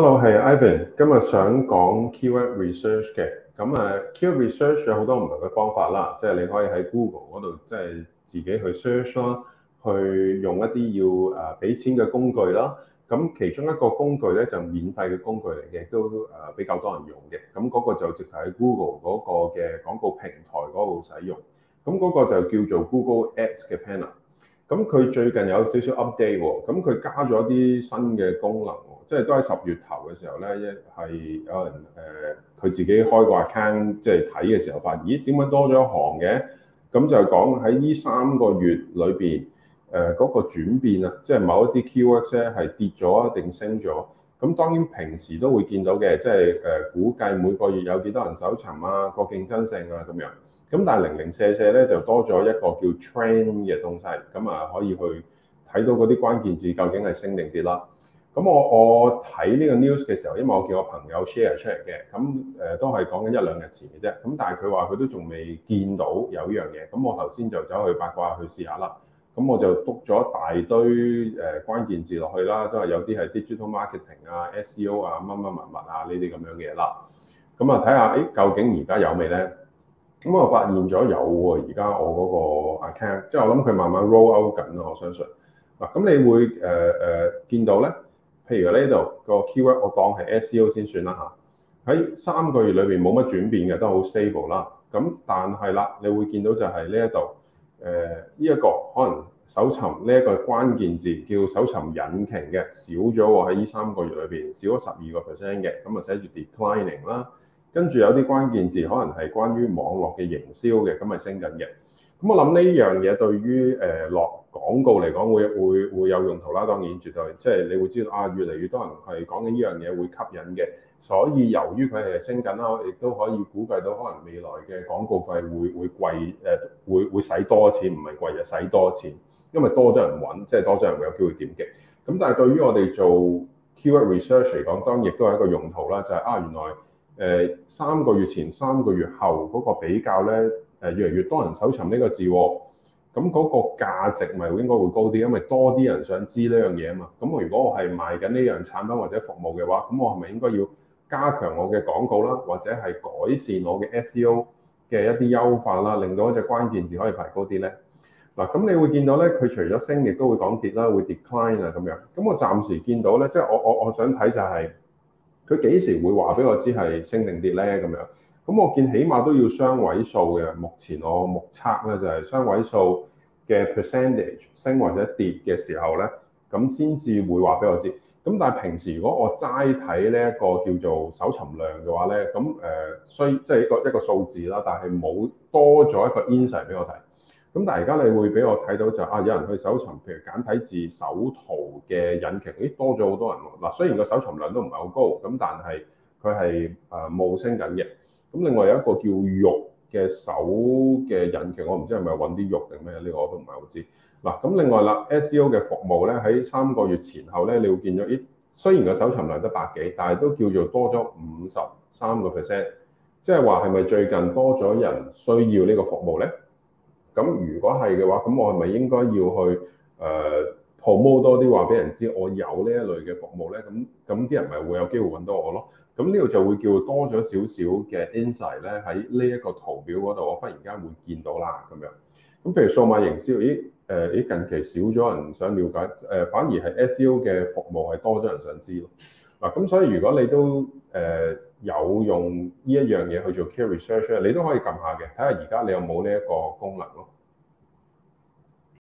Hello，係 Ivan，今日想講 keyword research 嘅，咁啊 keyword research 有好多唔同嘅方法啦，即、就、係、是、你可以喺 Google 嗰度，即係自己去 search 啦，去用一啲要啊俾錢嘅工具啦，咁其中一個工具咧就是、免費嘅工具嚟嘅，都誒比較多人用嘅，咁、那、嗰個就直頭喺 Google 嗰個嘅廣告平台嗰度使用，咁、那、嗰個就叫做 Google Ads 嘅 Panel。咁佢最近有少少 update 喎，咁佢加咗啲新嘅功能，即係都係十月頭嘅時候咧，一係有人誒，佢、呃、自己開個 account 即係睇嘅時候，發現咦點解多咗一行嘅？咁就係講喺呢三個月裏邊誒嗰個轉變啊，即係某一啲 keywords 係跌咗定升咗。咁當然平時都會見到嘅，即係誒估計每個月有幾多人搜尋啊，個競爭性啊咁樣。咁但係零零四四咧就多咗一個叫 train 嘅東西，咁啊可以去睇到嗰啲關鍵字究竟係升定跌啦。咁我我睇呢個 news 嘅時候，因為我叫我朋友 share 出嚟嘅，咁誒、呃、都係講緊一兩日前嘅啫。咁但係佢話佢都仲未見到有呢樣嘢。咁我頭先就走去八卦去試下啦。咁我就篤咗一大堆誒關鍵字落去啦，都係有啲係 digital marketing 啊、SEO 啊、乜乜物物啊呢啲咁樣嘅嘢啦。咁啊睇下，誒究竟而家有未咧？咁、嗯、我發現咗有喎，而家我嗰個 account，即係我諗佢慢慢 roll out 緊咯，我相信。嗱，咁你會誒誒、呃呃、見到咧，譬如呢度、嗰個 keyword，我當係 SEO 先算啦嚇。喺三個月裏邊冇乜轉變嘅，都好 stable 啦。咁但係啦，你會見到就係呢一度誒呢一個可能搜尋呢一個關鍵字叫搜尋引擎嘅少咗喎，喺呢三個月裏邊少咗十二個 percent 嘅，咁啊寫住 declining 啦。跟住有啲關鍵字，可能係關於網絡嘅營銷嘅，咁係升緊嘅。咁我諗呢樣嘢對於誒落、呃、廣告嚟講會，會會會有用途啦。當然，絕對即係、就是、你會知道啊，越嚟越多人係講緊呢樣嘢會吸引嘅。所以由於佢係升緊啦，亦都可以估計到可能未來嘅廣告費會會貴誒、呃，會會使多錢，唔係貴就使多錢，因為多咗人揾，即係多咗人會有機會點擊。咁但係對於我哋做 keyword research 嚟講，當然亦都係一個用途啦，就係、是、啊原來。誒三個月前、三個月後嗰個比較咧，誒越嚟越多人搜尋呢個字喎、啊，咁嗰個價值咪應該會高啲，因為多啲人想知呢樣嘢啊嘛。咁我如果我係賣緊呢樣產品或者服務嘅話，咁我係咪應該要加強我嘅廣告啦，或者係改善我嘅 SEO 嘅一啲優化啦，令到一隻關鍵字可以排高啲咧？嗱，咁你會見到咧，佢除咗升，亦都會講跌啦，會 decline 啊咁樣。咁我暫時見到咧，即、就、係、是、我我我想睇就係、是。佢幾時會話俾我知係升定跌咧？咁樣，咁我見起碼都要雙位數嘅。目前我目測咧就係雙位數嘅 percentage 升或者跌嘅時候咧，咁先至會話俾我知。咁但係平時如果我齋睇呢一個叫做搜尋量嘅話咧，咁誒雖即係一個一個數字啦，但係冇多咗一個 insight 俾我睇。咁但係而家你會俾我睇到就啊，有人去搜尋，譬如簡體字搜圖嘅引擎，咦多咗好多人喎！嗱，雖然個搜尋量都唔係好高，咁但係佢係啊冇升緊嘅。咁另外有一個叫肉嘅手嘅引擎，我唔知係咪揾啲肉定咩？呢個我都唔係好知。嗱咁另外啦，SEO 嘅服務咧喺三個月前後咧，你會見咗見到咦？雖然個搜尋量得百幾，但係都叫做多咗五十三個 percent，即係話係咪最近多咗人需要呢個服務咧？咁如果係嘅話，咁我係咪應該要去誒、uh, promote 多啲話俾人知我有呢一類嘅服務咧？咁咁啲人咪會有機會揾到我咯。咁呢度就會叫多咗少少嘅 insight 咧喺呢一個圖表嗰度，我忽然間會見到啦咁樣。咁譬如數碼營銷，咦誒、呃、近期少咗人想了解，誒、呃、反而係 SEO 嘅服務係多咗人想知咯。嗱、啊、咁所以如果你都誒、呃、有用。呢一樣嘢去做 care research 咧，你都可以撳下嘅，睇下而家你有冇呢一個功能咯。